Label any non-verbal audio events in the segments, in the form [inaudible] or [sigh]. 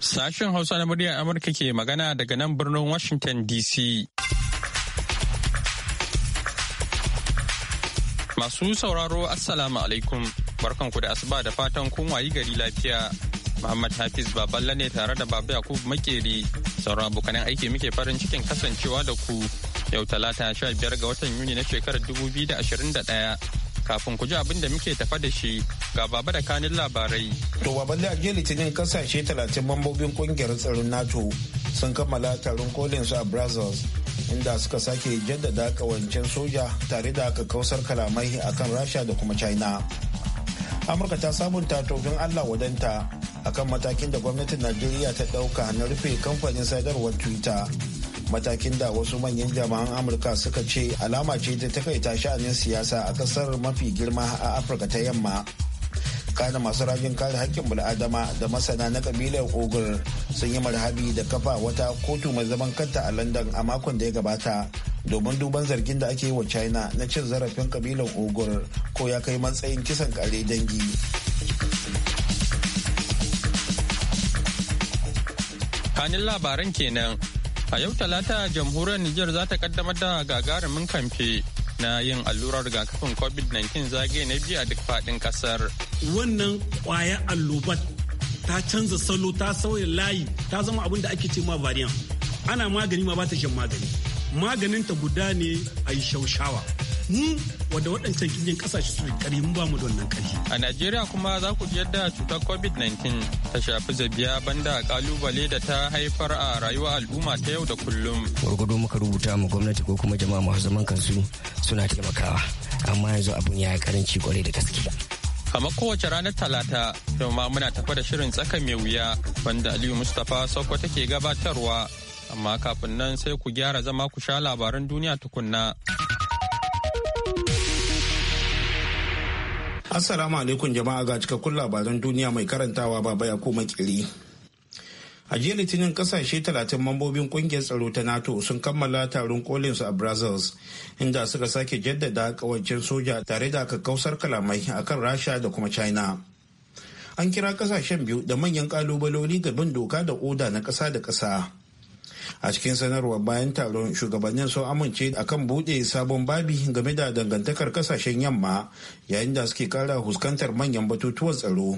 Sashen Hausa na muryar Amurka ke magana daga nan birnin Washington DC. Masu sauraro Assalamu alaikum barkanku da asuba da fatan kun wayi gari lafiya. Muhammad Hafiz Baballa ne tare da Baba Yakubu Makeri Sauran abokanan aiki muke farin cikin kasancewa da ku yau talata sha biyar ga watan Yuni na shekarar dubu biyu da ashirin da ɗaya. Kafin ku ji abin da muke tafa da shi ga baba da kanin labarai. To baban da jiya litinin kasashe talatin mambobin kungiyar tsaron NATO sun kammala taron kolin su a Brazils inda suka sake jaddada kawancin soja tare da aka kausar kalamai akan Rasha da kuma China. amurka ta sabunta tofin allah wadanta akan matakin da gwamnatin najeriya ta dauka na rufe kamfanin sadarwar twitter matakin da wasu manyan jama'an amurka suka ce alama ce ta takaita sha'anin siyasa a kasar mafi girma a afirka ta yamma kana masu rajin kare hakkin bil'adama da masana na kabilar ogur sun yi marhabi da kafa wata kotu mai zaman kanta a london a makon da ya gabata domin duban zargin da ake yi wa china na cin zarafin kabilan ogur ko ya kai matsayin kisan kare dangi kanin labaran kenan a yau talata jamhuriyar niger za ta kaddamar da gagarumin kamfe na yin allurar rigakafin covid-19 zage na biyu a duk fadin kasar. wannan kwaya allobat ta canza salo ta sauya layi ta zama abin da ake ce ma variant ana magani ma ba ta shan magani maganinta guda ne a yi shaushawa mu wadda waɗancan ƙasashe su kari mu ba mu da wannan A Najeriya kuma za ku ji yadda cutar COVID-19 ta shafi zabiya banda kalubale da ta haifar a rayuwa al'umma ta yau da kullum. Gwargwado muka rubuta mu gwamnati ko kuma jama'a masu zaman kansu suna taimakawa amma yanzu abun ya yi karanci kwarai da gaske. Kamar kowace ranar Talata, yau ma muna tafa da shirin tsaka mai wuya wanda Aliyu Mustapha Sokko ke gabatarwa amma kafin nan sai ku gyara zama ku sha labaran duniya tukunna. Assalamu alaikum jama'a ga cikakkun labaran duniya mai karantawa baba ya kuma kiri. A jiya litinin kasashe 30 mambobin kungiyar tsaro ta NATO sun kammala taron kolin su a Brussels inda suka sake jaddada kawancin soja tare da kakkausar kalamai kan Rasha da kuma China. An kira kasashen biyu da manyan kalubaloli ga bin doka da oda na kasa da kasa. a cikin sanarwar bayan taron shugabannin sun amince a kan buɗe sabon babi game da dangantakar kasashen yamma yayin da suke kara huskantar manyan batutuwan tsaro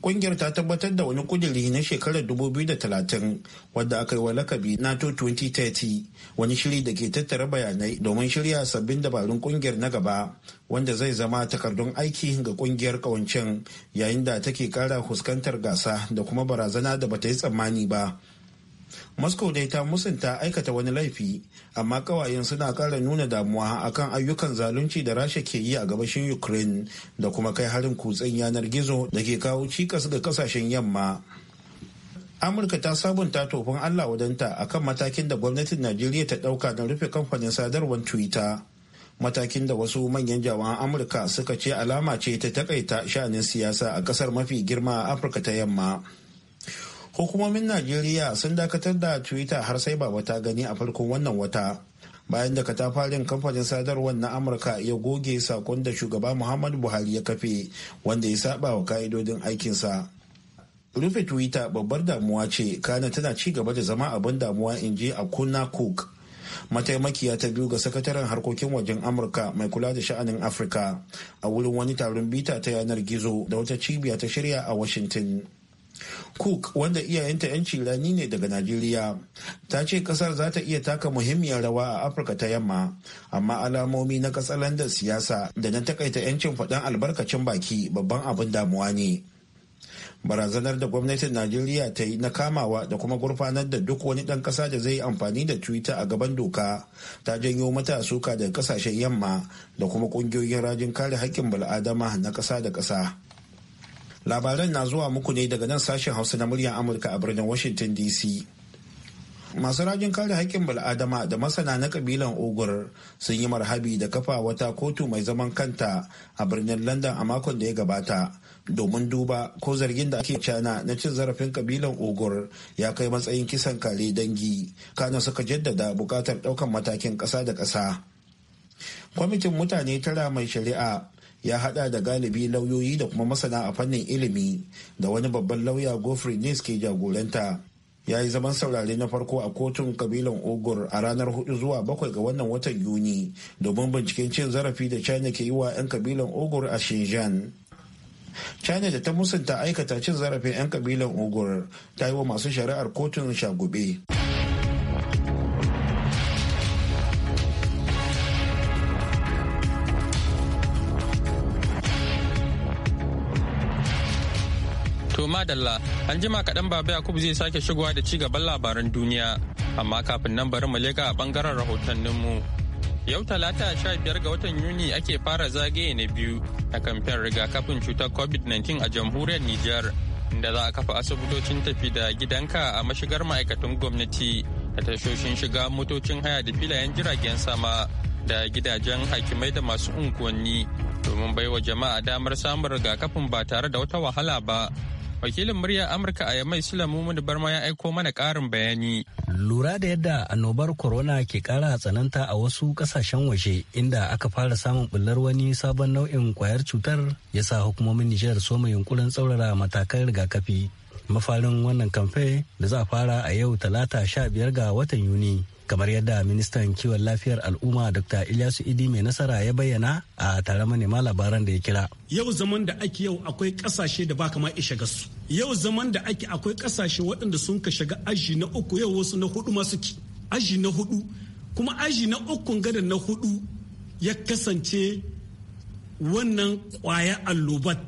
kungiyar ta tabbatar da wani kuduri na shekarar 2030 wadda aka yi wa lakabi nato 2030 wani shiri da ke tattara bayanai domin shirya sabbin dabarun kungiyar na gaba wanda zai zama takardun aiki ga kungiyar kawancin yayin da take kara fuskantar gasa da kuma barazana da bata yi tsammani ba moscow dai ta musanta aikata wani laifi amma kawayen suna kara nuna damuwa akan ayyukan zalunci da rasha ke yi a gabashin ukraine da kuma kai harin kutsen yanar gizo da ke kawo cikas ga kasashen yamma amurka ta sabunta tofin allah wadanta akan matakin da gwamnatin najeriya ta dauka don rufe kamfanin sadarwar twitter matakin da wasu manyan jawan amurka suka ce alama ce ta takaita sha'anin siyasa a kasar mafi girma a afirka ta yamma hukumomin najeriya sun dakatar da twitter har sai ba ta gani a farkon wannan wata bayan da katafarin kamfanin sadarwar na amurka ya goge sakon da shugaba muhammadu buhari ya kafe wanda ya saba wa ka'idodin aikinsa rufe twitter babbar damuwa ce kana tana ci gaba da zama abin damuwa in je a kuna cook mataimakiya ta biyu ga sakataren harkokin wajen amurka mai kula da sha'anin afirka a wurin wani taron bita ta yanar gizo da wata cibiya ta shirya a washington cook wanda iyayenta 'yanci rani ne daga najeriya ta ce kasar za ta iya taka muhimmiyar rawa a afirka ta yamma amma alamomi na katsalandar siyasa da na takaita 'yancin faɗan albarkacin baki babban abin damuwa ne barazanar da gwamnatin najeriya ta yi na kamawa da kuma gurfanar da duk wani ɗan ƙasa da zai yi amfani da twitter a gaban doka ta janyo mata suka daga ƙasashen yamma da kuma ƙungiyoyin rajin kare haƙƙin bal'adama na ƙasa da ƙasa labaran na zuwa muku ne daga nan sashen hausa na muryar amurka a birnin washington dc masu rajin kare haƙƙin bal'adama da masana na kabilan ogur sun yi marhabi da kafa wata kotu mai zaman kanta a birnin london a makon da ya gabata domin duba ko zargin da ake cana na cin zarafin kabilan ogur ya kai matsayin kisan kare dangi kana suka jaddada buƙatar ɗaukan matakin ƙasa da ƙasa kwamitin mutane tara mai shari'a ya hada da galibi lauyoyi da kuma masana a fannin ilimi da wani babban lauya gofri nis ke jagoranta ya yi zaman saurare na farko a kotun kabilan ogur a ranar 4 zuwa 7 ga wannan watan yuni domin binciken cin zarafi da china ke yi wa 'yan kabilan ogur a shenzhen china da ta musanta aikata cin zarafin 'yan kabilan ogur ta yi wa masu shari'ar kotun shagube. To madalla an jima kaɗan baba yakub zai sake shigowa da ci gaban labaran duniya. Amma kafin nan bari mu leka a rahotannin rahotanninmu. Yau talata sha biyar ga watan Yuni ake fara zagaye na biyu na kamfen rigakafin cutar COVID-19 a jamhuriyar Nijar. Inda za a kafa asibitocin tafi da gidanka a mashigar ma'aikatan gwamnati da tashoshin shiga motocin haya da filayen jiragen sama da gidajen hakimai da masu unguwanni domin baiwa jama'a damar samun rigakafin ba tare da wata wahala ba wakilin murya amurka a yamai sulamu da barma ya aiko mana karin bayani lura da yadda annobar corona ke kara tsananta a wasu kasashen waje inda aka fara samun bullar wani sabon nau'in kwayar cutar ya sa hukumomin nijar soma yunkurin tsaurara matakan rigakafi mafarin wannan kamfe da za a fara a yau talata sha biyar ga watan yuni kamar yadda ministan kiwon lafiyar al'umma dr ilyasu idi mai nasara ya bayyana a tare manema labaran da ya kira yau zaman da ake yau akwai kasashe da baka ma isha gasu yau zaman da ake akwai kasashe waɗanda sun ka shiga aji na uku yau wasu na hudu masu ki aji na hudu kuma aji na uku gadan na hudu ya kasance wannan kwaya allobat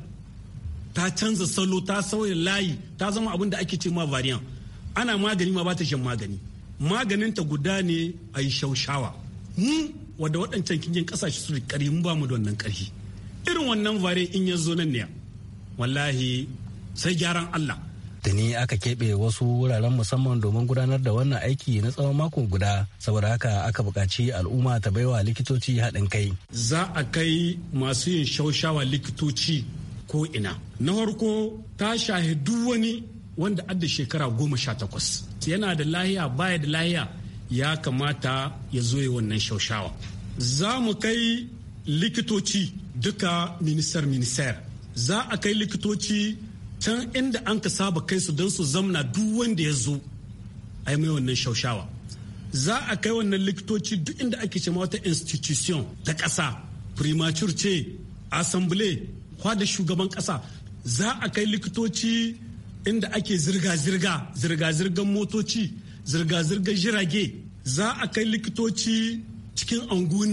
ta canza salo ta sauya layi ta zama abin da ake ce ma variant ana magani ma ba ta shan magani maganinta guda ne a yi shaushawa mu wadda waɗancan kingin ƙasashe su ƙari mu ba mu da wannan ƙarfi irin wannan vare in ya nan ne wallahi sai gyaran Allah Da tuni aka keɓe wasu wuraren musamman domin gudanar da wannan aiki na tsawon mako guda saboda haka aka buƙaci al'umma ta baiwa likitoci haɗin kai za a kai masu yin shaushawa likitoci ko ina na farko ta shahi duk wani wanda adda shekara goma sha takwas yana da lahiya baya da lahiya ya kamata ya zoye wannan shaushawa za mu kai likitoci duka ministar minister za a kai likitoci can inda an ka saba kai su don su zamna duk wanda ya zo a yi mai wannan shaushawa za a kai wannan likitoci duk inda ake cema wata institution ta ƙasa primature ce assembly da shugaban ƙasa za a kai likitoci inda ake zirga-zirga zirga-zirgar motoci zirga-zirgar jirage za a kai likitoci cikin angu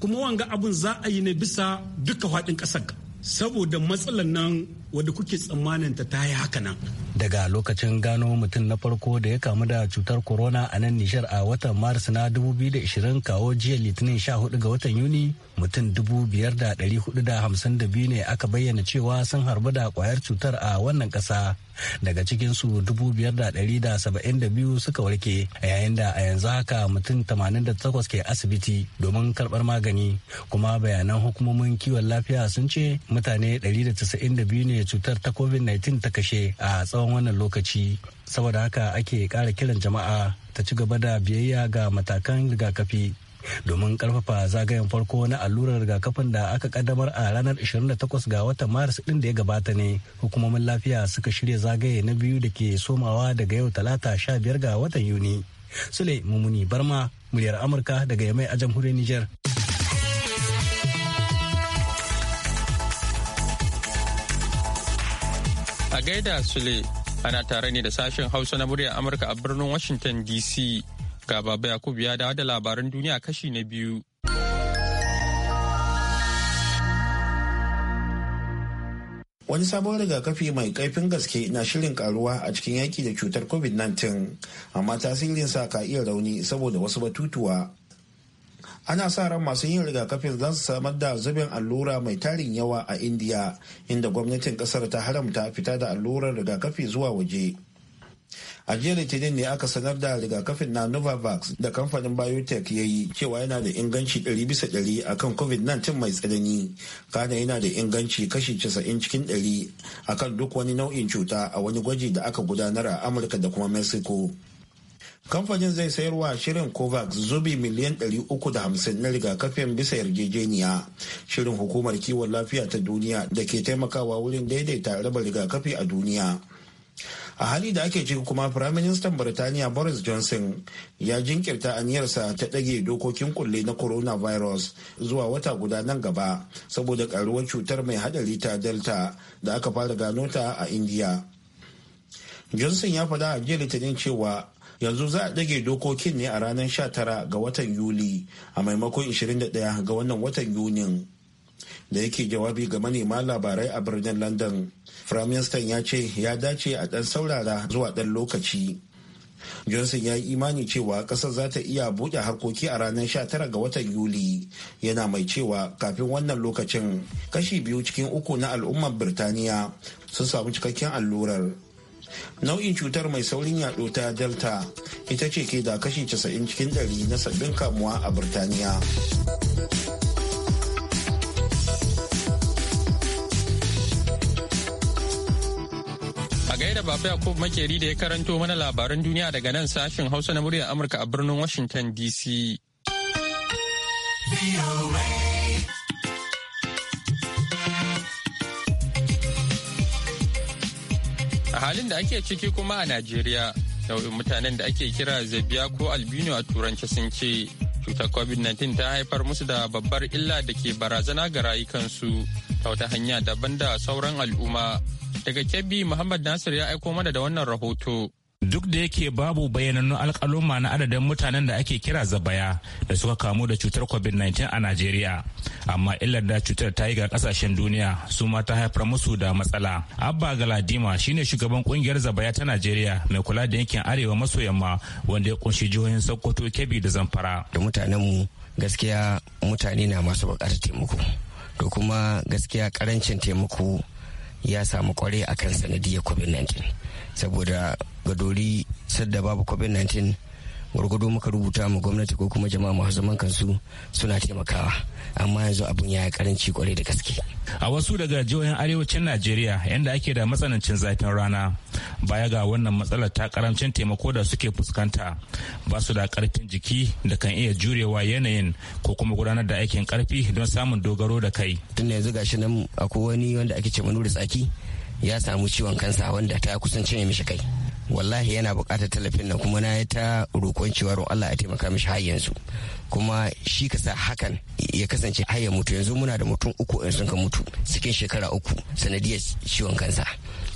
kuma wanga abin za a yi ne bisa duka faɗin ƙasar saboda matsalar nan wadda kuke tsammanin ta ta yi haka nan daga lokacin gano mutum na farko da ya kamu da cutar corona a nan nishar a watan maris na 2020 kawo jiya litinin 14 ga watan yuni mutum 5,452 ne aka bayyana cewa sun harbu da kwayar cutar a wannan kasa daga cikinsu 5,172 suka warke yayin da a yanzu haka mutum 88 ke asibiti domin karbar magani kuma bayanan hukumomin kiwon lafiya sun ce mutane 192 ne cutar ta covid-19 ta kashe a tsawon tsawon wannan lokaci saboda haka ake ƙara kiran jama'a ta ci gaba da biyayya ga matakan rigakafi domin karfafa zagayen farko na allurar rigakafin da aka kaddamar a ranar 28 ga watan maris din da ya gabata ne hukumomin lafiya suka shirya zagaye na biyu da ke somawa daga yau talata 15 ga watan yuni sule mummuni barma muryar amurka daga yamai a jamhuriyar niger A gaida Sule ana tare ne da sashen Hausa na muryar Amurka a birnin Washington DC. Ga Baba Yakubu ya dawo da labaran duniya kashi na biyu. Wani sabon rigakafi mai kaifin gaske na shirin karuwa a cikin yaki da cutar COVID-19, amma tasirinsa ka iya rauni saboda wasu batutuwa. ana sa ran masu yin rigakafin za su samar da zubin allura mai tarin yawa a indiya inda gwamnatin kasar ta haramta fita da allurar rigakafi zuwa waje a jiya litinin ne aka sanar da rigakafin na novavax da kamfanin biotech ya yi cewa yana da inganci 100 bisa 100 akan covid-19 mai tsanani kana yana da inganci kashi 90 cikin 100 akan duk wani nau'in cuta a wani gwaji da aka gudanar a amurka da kuma mexico kamfanin zai sayarwa shirin covax zubi miliyan 350 na rigakafin bisa yarjejeniya shirin hukumar kiwon lafiya ta duniya da ke taimakawa wurin daidaita raba rigakafi a duniya a hali da ake ciki kuma firaministan birtaniya boris johnson ya jinkirta aniyarsa ta ɗage dokokin kulle na coronavirus zuwa wata guda nan gaba saboda karuwar cutar mai hadari ta delta da aka fara gano ta a india johnson ya faɗa a jiya litinin cewa yanzu za a ɗage dokokin ne a ranar 19 ga watan yuli a maimakon 21 ga wannan watan yunin da yake jawabi ga manema labarai a birnin london firaministan ya ce ya dace a ɗan saurara zuwa ɗan lokaci johnson ya yi imani cewa ƙasar za ta iya buɗe harkoki a ranar 19 ga watan yuli yana mai cewa kafin wannan lokacin kashi biyu cikin uku na al'ummar birtaniya sun samu cikakken allurar nau'in cutar mai saurin yaɗo ta delta ita ce ke da kashi 90 cikin 100 na sabbin kamuwa a birtaniya da Baba Yakub Makeri da ya karanto mana labaran duniya daga nan sashen Hausa na muryar Amurka a birnin Washington DC. A halin da ake ciki kuma a Najeriya, nau'in mutanen da ake kira zabiya ko albino a turanci sun ce cutar COVID-19 ta haifar musu da babbar illa da ke barazana ga rayukansu ta wata hanya daban da sauran al'umma. Daga Kebbi Muhammad Nasir ya aiko mana da wannan rahoto. duk da yake babu bayanannun alkaluma na adadin mutanen da ake kira zabaya da suka kamu da cutar covid-19 a najeriya amma illar da cutar ta yi ga kasashen duniya su ma ta haifar musu da matsala abba galadima shine shugaban kungiyar zabaya ta najeriya mai kula da yankin arewa maso yamma wanda ya kunshi jihohin sokoto kebbi da zamfara da mutanenmu gaskiya mutane na masu bukatar taimako to kuma gaskiya karancin taimako ya samu kwarai akan sanadiyar covid-19 saboda gadori dori da babu covid-19 gwargwado muka rubuta mu gwamnati ko kuma jama'a masu zaman kansu suna taimakawa amma yanzu abun ya yi karanci kwarai da gaske a wasu daga jihohin arewacin najeriya yadda ake da matsanancin zafin rana baya ga wannan matsalar ta karancin taimako da suke fuskanta ba su da karfin jiki da kan iya jurewa yanayin ko kuma gudanar da aikin karfi don samun dogaro da kai tun yanzu gashi nan akwai wani wanda ake ce manuri tsaki ya samu ciwon kansa wanda ta kusan cinye mishi kai wallahi yana buƙatar tallafin nan kuma na ya ta roƙon cewa don Allah ya taimaka mishi har yanzu kuma shi ka sa hakan ya kasance har ya mutu yanzu muna da mutum uku in sun ka mutu cikin shekara uku sanadiyar ciwon kansa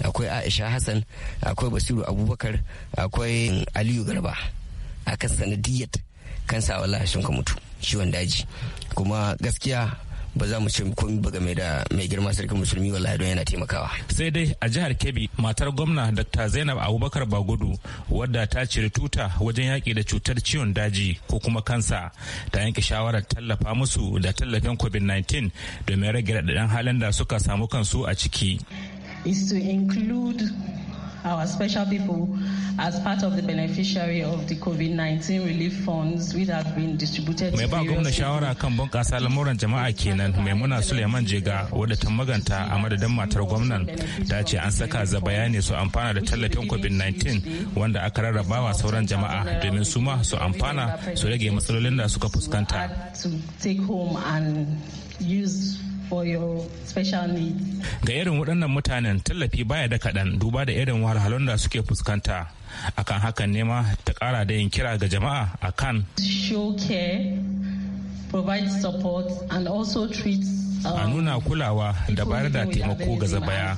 akwai Aisha Hassan akwai Basiru Abubakar akwai Aliyu Garba akan sanadiyar kansa wallahi sun ka mutu ciwon daji kuma gaskiya ba za mu ce komai ba game da mai girma sarkin musulmi wallahi don yana taimakawa sai dai a jihar kebbi matar gwamna dr zainab abubakar bagudu wadda ta cire tuta wajen yaƙi da cutar ciwon daji ko kuma kansa ta yanke shawarar tallafa musu da tallafin covid-19 domin rage raɗaɗin halin da suka samu kansu a ciki is to include our special people as part of the beneficiary of the COVID-19 relief funds which have been distributed Mai ba gwamna shawara kan bunƙasa lamuran jama'a kenan Maimuna Suleiman Jega wadda ta maganta a madadin matar gwamnan ta ce an saka za bayani su amfana da tallafin COVID-19 wanda aka rarrabawa sauran jama'a domin su ma su amfana su rage matsalolin da suka fuskanta. for your special needs. Ga irin waɗannan mutanen tallafi baya da kaɗan duba da irin wahalhalun da suke fuskanta. Akan hakan nema ta ƙara da yin kira ga jama'a akan. Show care, provide support and also treat uh, a nuna kulawa da bayar da taimako ga zabaya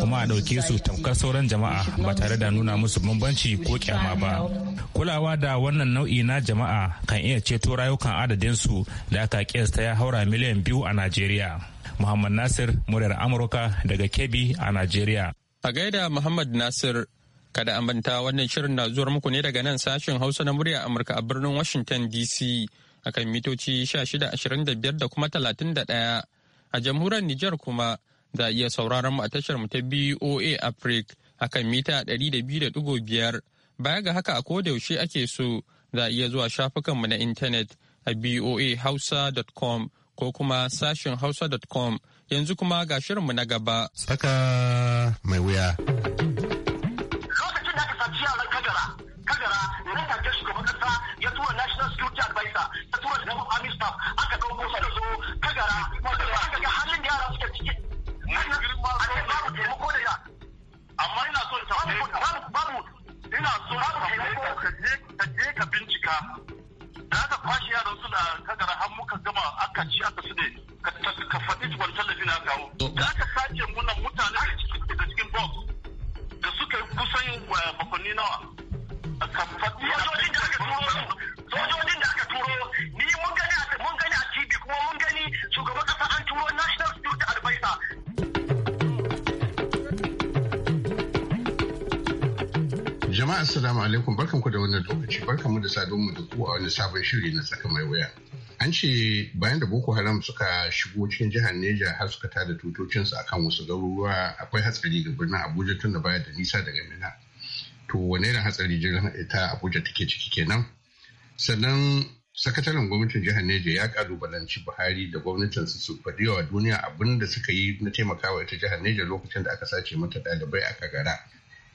kuma a ɗauke su tamkar sauran jama'a ba tare da nuna musu bambanci ko kyama ba kulawa da wannan nau'i na jama'a kan iya ceto rayukan adadinsu da aka kiyasta ya haura miliyan biyu a najeriya Muhammad Nasir muryar Amurka daga Kebbi a Najeriya. A gaida Muhammad Nasir kada an manta wannan shirin na zuwar muku ne daga nan sashen Hausa na muryar Amurka a birnin Washington DC akan mitoci 1625 da kuma 31 a jamhuriyar Nijar kuma za iya sauraron mu a tashar mu ta BOA Africa akan mita 200.5 baya ga haka a koda yaushe ake so za a iya zuwa shafukanmu na intanet a boahausa.com ko kuma sashin hausa.com yanzu kuma ga shirinmu na gaba. Saka mai wuya. Lokacin da aka saci yaran kagara, kagara nan take shugaban kasa ya tura National Security Advisor, ya tura Shugaban Army Staff, aka dauko sa da su kagara, wanda aka ga halin da yara suke ciki. Amma ina so ta babu ina so taimako ka je ka bincika. Da aka kwashe yaran su da kagara har muka gama aka ci aka su ne ka faɗi wani tallafi na kawo da aka sace muna mutane a cikin da cikin box da suka yi kusan bakonni eh, nawa ka faɗi sojojin da aka turo sojojin da aka turo ni mun gani mun gani a TV kuma mun gani shugaban kasa an turo national security advisor Jama'a assalamu alaikum barkanku da wannan lokaci barkanmu da saduwa da ku a wani sabon shiri na tsaka mai wuya. an ce bayan da boko haram suka shigo cikin jihar neja har suka da tutocinsu akan wasu garuruwa akwai hatsari ga birnin abuja tun da baya da nisa daga mina to wane irin hatsari jirgin ita abuja take ciki kenan sannan sakataren gwamnatin jihar neja ya kalubalanci buhari da gwamnatin su faɗi wa duniya abin da suka yi na taimakawa ita jihar neja lokacin da aka sace mata ɗalibai aka gara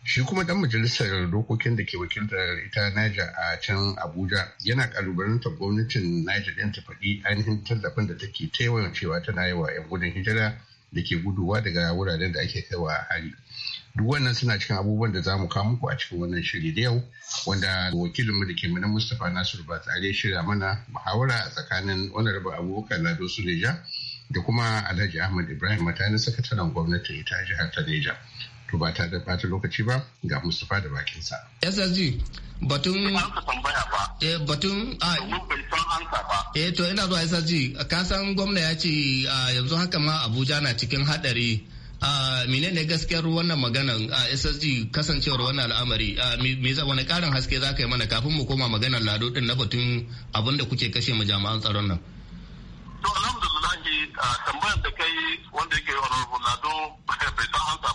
shi kuma dan majalisar dokokin da ke wakiltar ita Niger a can Abuja yana kalubalantar gwamnatin Niger din ta faɗi ainihin tallafin da take taiwayon cewa tana yi wa 'yan gudun hijira da ke guduwa daga wuraren da ake kaiwa hari. Duk wannan suna cikin abubuwan da za mu kawo muku a cikin wannan shiri da yau wanda wakilinmu da ke mana Mustapha Nasiru ba tsare shirya mana muhawara a tsakanin Honorable Abubakar Lado Suleja da kuma Alhaji Ahmad Ibrahim Matani sakataren Gwamnati ita jihar ta Neja. to ba ta da bata lokaci ba ga Mustapha da sa. SSG batun eh batun ah, a eh to ina zuwa SSG ka san gwamna ya ce ah, yanzu haka ma Abuja na cikin hadari a ah, menene gaskiyar wannan maganan a SSG kasancewar wannan al'amari me za wani karin haske za ka yi mana kafin mu koma maganar lado din na batun abin da kuke kashe mu jami'an tsaron nan to alhamdulillah eh, tambayar da kai wanda yake yi honorable lado [laughs] bai san hansa.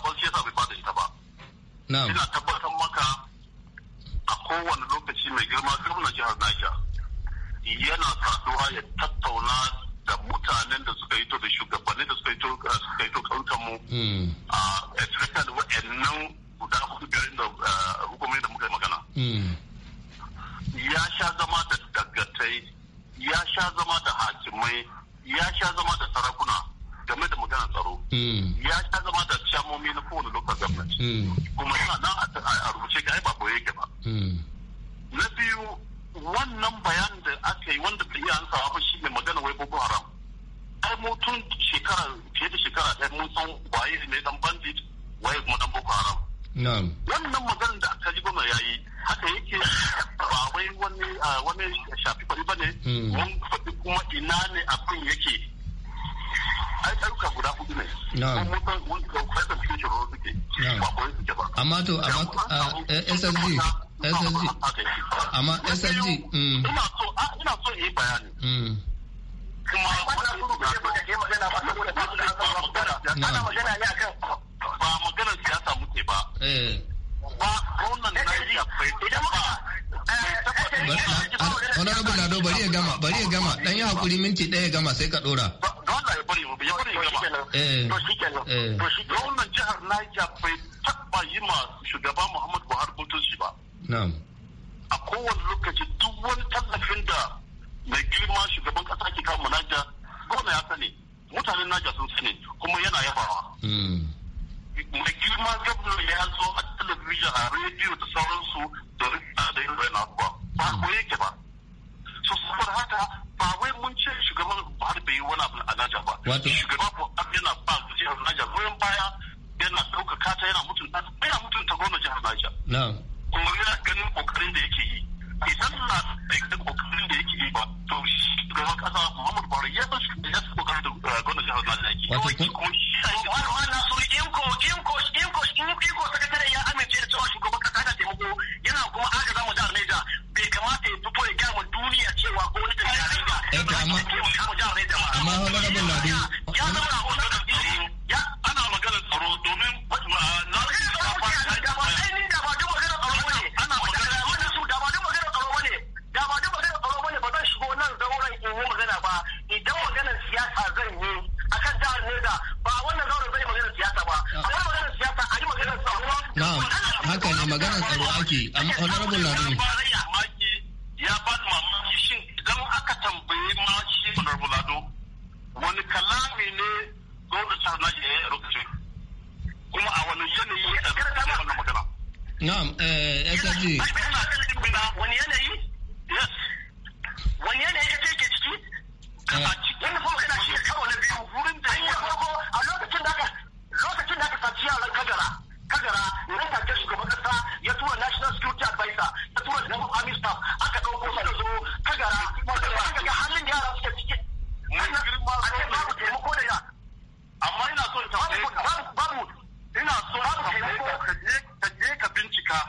ina tabbatar maka a kowane lokaci mai girma gwamnan jihar Niger yana saduwa ya tattauna da mutanen da suka yi to da shugabannin da suka yi to uh, suka yi to kautan mu hmm. a especially wa'annan guda hudu garin da uh, hukumomi da muka yi magana hmm. ya sha zama da dagatai ya sha zama da hakimai ya sha zama da sarakuna game da magana tsaro hmm. ya sha zama da shamomi na kowane local gwamnati hmm. kuma yana nan a rubuce ga ba boye yake ba hmm. na biyu wannan bayan da aka yi wanda bai iya ansa ba shi ne magana wai boko haram ai mutum shekara fiye da shekara ɗaya mun san waye ne dan bandit waye kuma dan boko haram wannan magana da aka ji gwamna ya yi haka yake ba wai wani shafi bari ba ne mun faɗi kuma ina ne abin yake ai tsaruka guda hudu ne na'am mun san fatan cikin shi ruwa suke ba koyi suke ba amma to amma SSG SSG amma SSG ina so mm. ina so yi bayani mm. kuma wannan suru da ke magana ba saboda ba su da magana ana magana ne akan ba maganar siyasa muke ba eh ba Honorable eh, Lado bari ya gama bari ya gama dan yi hakuri minti ɗaya gama sai ka ɗora. to shi kenan to shi gwamnan jihar Niger bai taba yi ma shugaba Muhammadu Buhari mutunci ba a kowane lokaci duk wani tallafin da mai girma shugaban kasa ke kama Niger gwamna ya sani mutanen Niger sun sani kuma yana yabawa mai girma gwamna ya zo a talabijin a rediyo da sauransu da rikta da yin bayan ba ko hmm. yake uh, hmm. ba so saboda haka bai yi wani abu a Naja ba. Wato. Shugaba yana ba jihar Naja goyon baya yana ɗaukaka ta yana mutunta yana mutunta gwamnan jihar Naja. Kuma yana ganin kokarin da yake yi. Idan na da kokarin da yake yi ba to shugaban ƙasa Muhammadu Buhari ya san shi ya san kokarin da gwamnan jihar Naja yake. Wato. Kuma shi. Wani wani so in ko in ko in ko in ko magana tsaro ake amma honorable labarin ka je ka bincika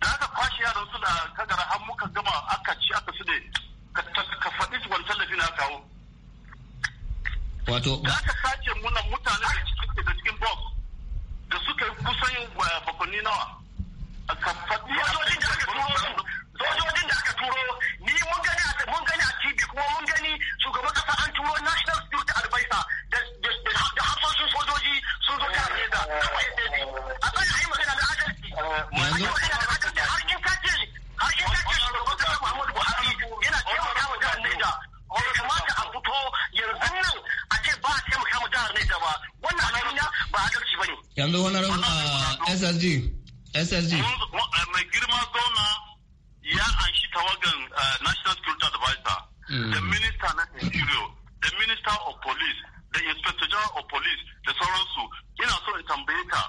da aka kwashe yaran su da kagara har muka gama aka ci aka su ne ka faɗi wani tallafi na kawo wato da aka sace muna mutane da cikin da cikin box da suka yi kusan eh, bakonni nawa ka faɗi sojojin da aka turo ni mun gani a TV kuma mun gani ssg ssg eh, mai girma zauna ya anshi tawagan eh, national security advisor mm. the minister na interior the minister of police the inspector general of police da sauransu ina so in tambaye ka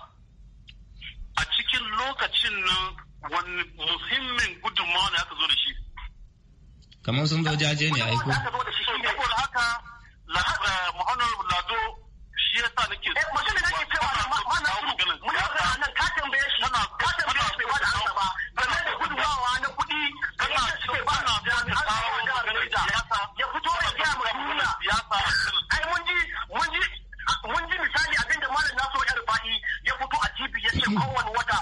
a cikin lokacin nan wani muhimmin gudunmawa ne aka zo da shi kamar sun zo jaje ne aiko aka zo da shi nake eh, so. Mutum da nake cewa na mana muna ga nan ka tambaye shi ka tambaye shi bai bada ansa ba. Game da gudunmawa na kuɗi da yadda suke ba na jami'an da ya fito ya gaya ma duniya. Ai mun ji mun ji mun ji misali malam Nasiru Yar Fa'i ya fito a TV ya ce kowane wata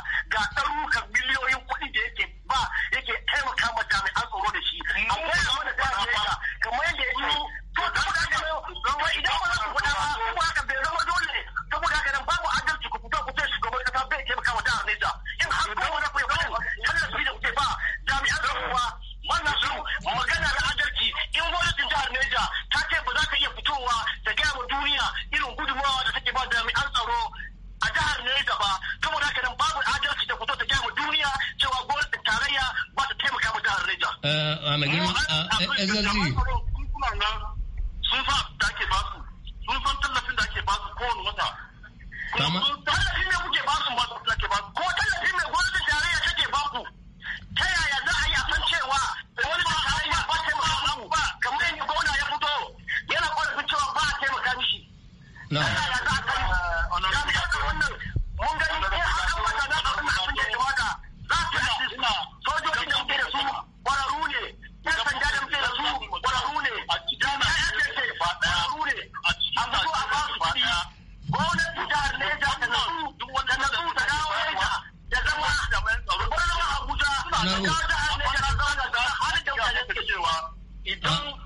SLG.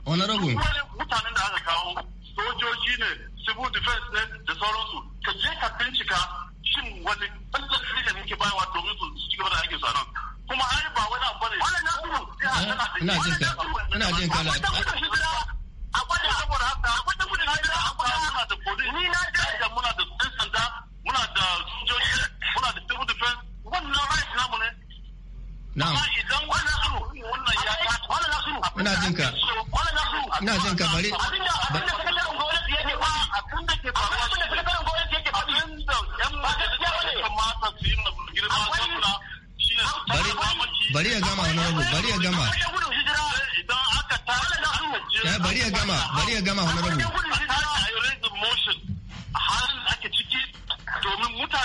honorable mutanen da aka kawo sojoji ne civil defense ne da sauransu ka je ka bincika shin wani tallafi ne muke bayarwa domin su ci gaba da aikin su kuma ai ba wani abu ne ina jin ka ina jin ka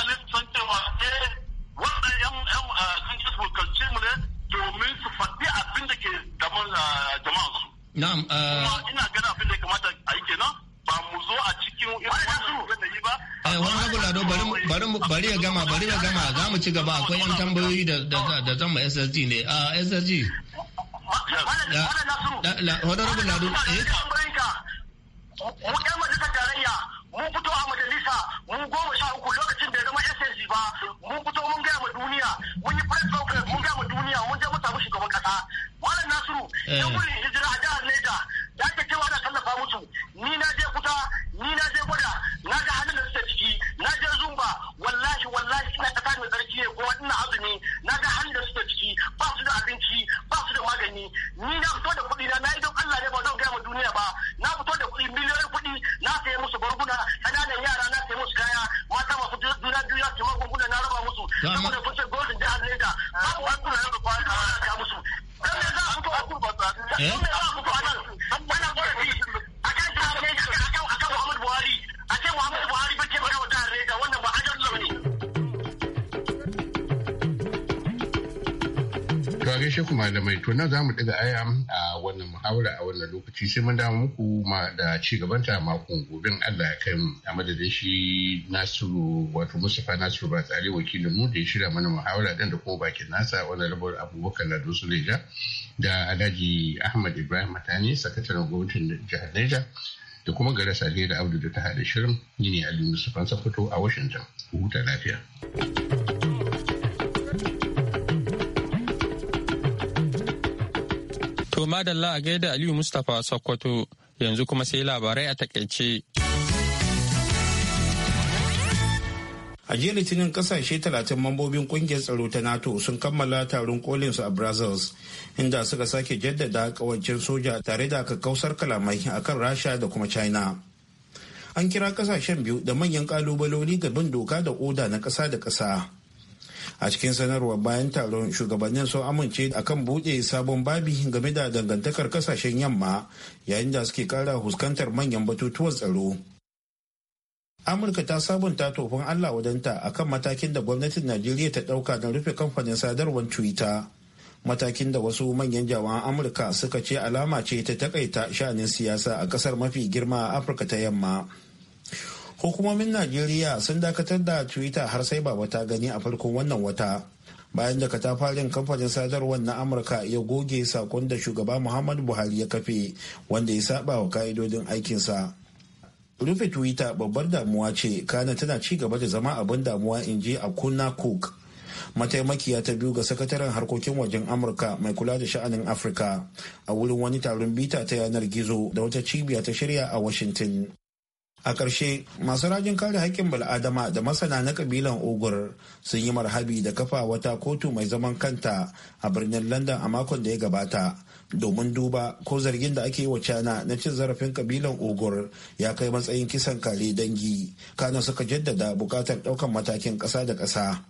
mutane su cewa eh wannan yan yan sun ci su kalci mu ne domin su faɗi abin da ke su. Na'am. Kuma ina abin da ya kamata a yi kenan ba mu zo a cikin wannan ba. wani abu bari bari ya gama bari ya gama za mu ci gaba akwai yan tambayoyi da zan ma SSG ne. malamai to na za mu ɗaga aya a wannan muhawara a wannan lokaci sai mun dawo muku da ci gaban ta makon gobin Allah ya kai mu a madadin shi Nasiru wato Mustafa Nasiru ba tsare wakilin mu da ya shirya mana muhawara din da kuma bakin nasa wannan rabar Abubakar Lado leja da Alhaji Ahmad Ibrahim Matani sakataren gwamnatin jihar Niger da kuma gara Sale da Abdu da ta haɗa shirin ni ne Ali Mustafa Sakoto a Washington huta lafiya. madalla a gaida Aliyu Mustapha Sokoto yanzu kuma sai labarai a takaice. A jiya litinin kasashe 30 mambobin kungiyar tsaro ta NATO sun kammala taron kolinsu a Brazils inda suka sake jaddada kawancin soja tare da kakkausar kalamai akan Rasha da kuma China. An kira kasashen biyu da manyan kalubaloli ga bin doka da oda na kasa da kasa. a cikin sanarwar bayan taron shugabannin sun amince a akan buɗe sabon babi game da dangantakar kasashen yamma yayin da suke kara huskantar manyan batutuwan tsaro amurka ta sabunta tofin allah wadanta a kan matakin da gwamnatin najeriya ta ɗauka don rufe kamfanin sadarwar twitter matakin da wasu manyan jawan amurka suka ce alama ce ta takaita sha'anin siyasa a kasar mafi girma a afirka ta yamma hukumomin najeriya sun dakatar da twitter har sai ba ta gani a farkon wannan wata bayan da katafarin kamfanin sadarwar na amurka ya goge sakon da shugaba muhammadu buhari ya kafe wanda ya saba wa ka'idodin aikinsa rufe twitter babbar damuwa ce kana tana ci gaba da zama abin damuwa in je a kuna cook mataimakiya ta biyu ga sakataren harkokin wajen amurka mai kula da sha'anin afirka a wurin wani taron bita ta yanar gizo da wata cibiya ta shirya a washington a ƙarshe masu rajin kare haƙƙin bal'adama da masana na ƙabilan ogur sun yi marhabi da kafa wata kotu mai zaman kanta a birnin london a makon da ya gabata domin duba ko zargin da ake yi wa cana na cin zarafin kabilan ogur ya kai matsayin kisan kare dangi kana suka jaddada buƙatar ɗaukan matakin ƙasa da ƙasa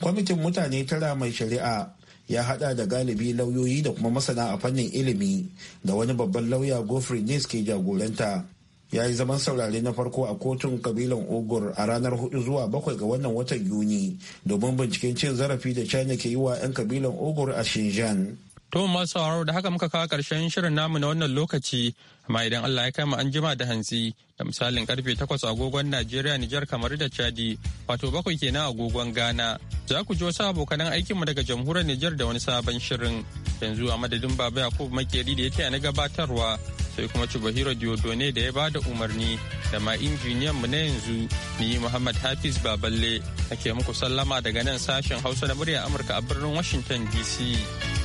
kwamitin mutane tara mai shari'a ya hada da galibi lauyoyi da kuma masana a fannin ilimi da wani babban lauya gofri nis ke jagoranta ya yi zaman saurare na farko a kotun kabilan ogur a ranar 4 zuwa 7 ga wannan watan yuni domin binciken cin zarafi da china ke yi wa 'yan kabilan ogur a shenzhen to masu sauraro da haka muka kawo karshen shirin namu na wannan lokaci amma idan allah ya kama an jima da hantsi da misalin karfe 8 agogon najeriya nijar kamar da chadi wato bakwai kenan agogon ghana za ku ji wasu abokanan aikinmu daga jamhuriyar nijar da wani sabon shirin yanzu a madadin baba yakub makeri da ya na gabatarwa sai kuma Chubahiro Diodone da ya ba da umarni da ma injiniyan mu na yanzu ni Muhammad Hafiz Baballe ake muku sallama daga nan sashen Hausa da murya Amurka a birnin Washington DC.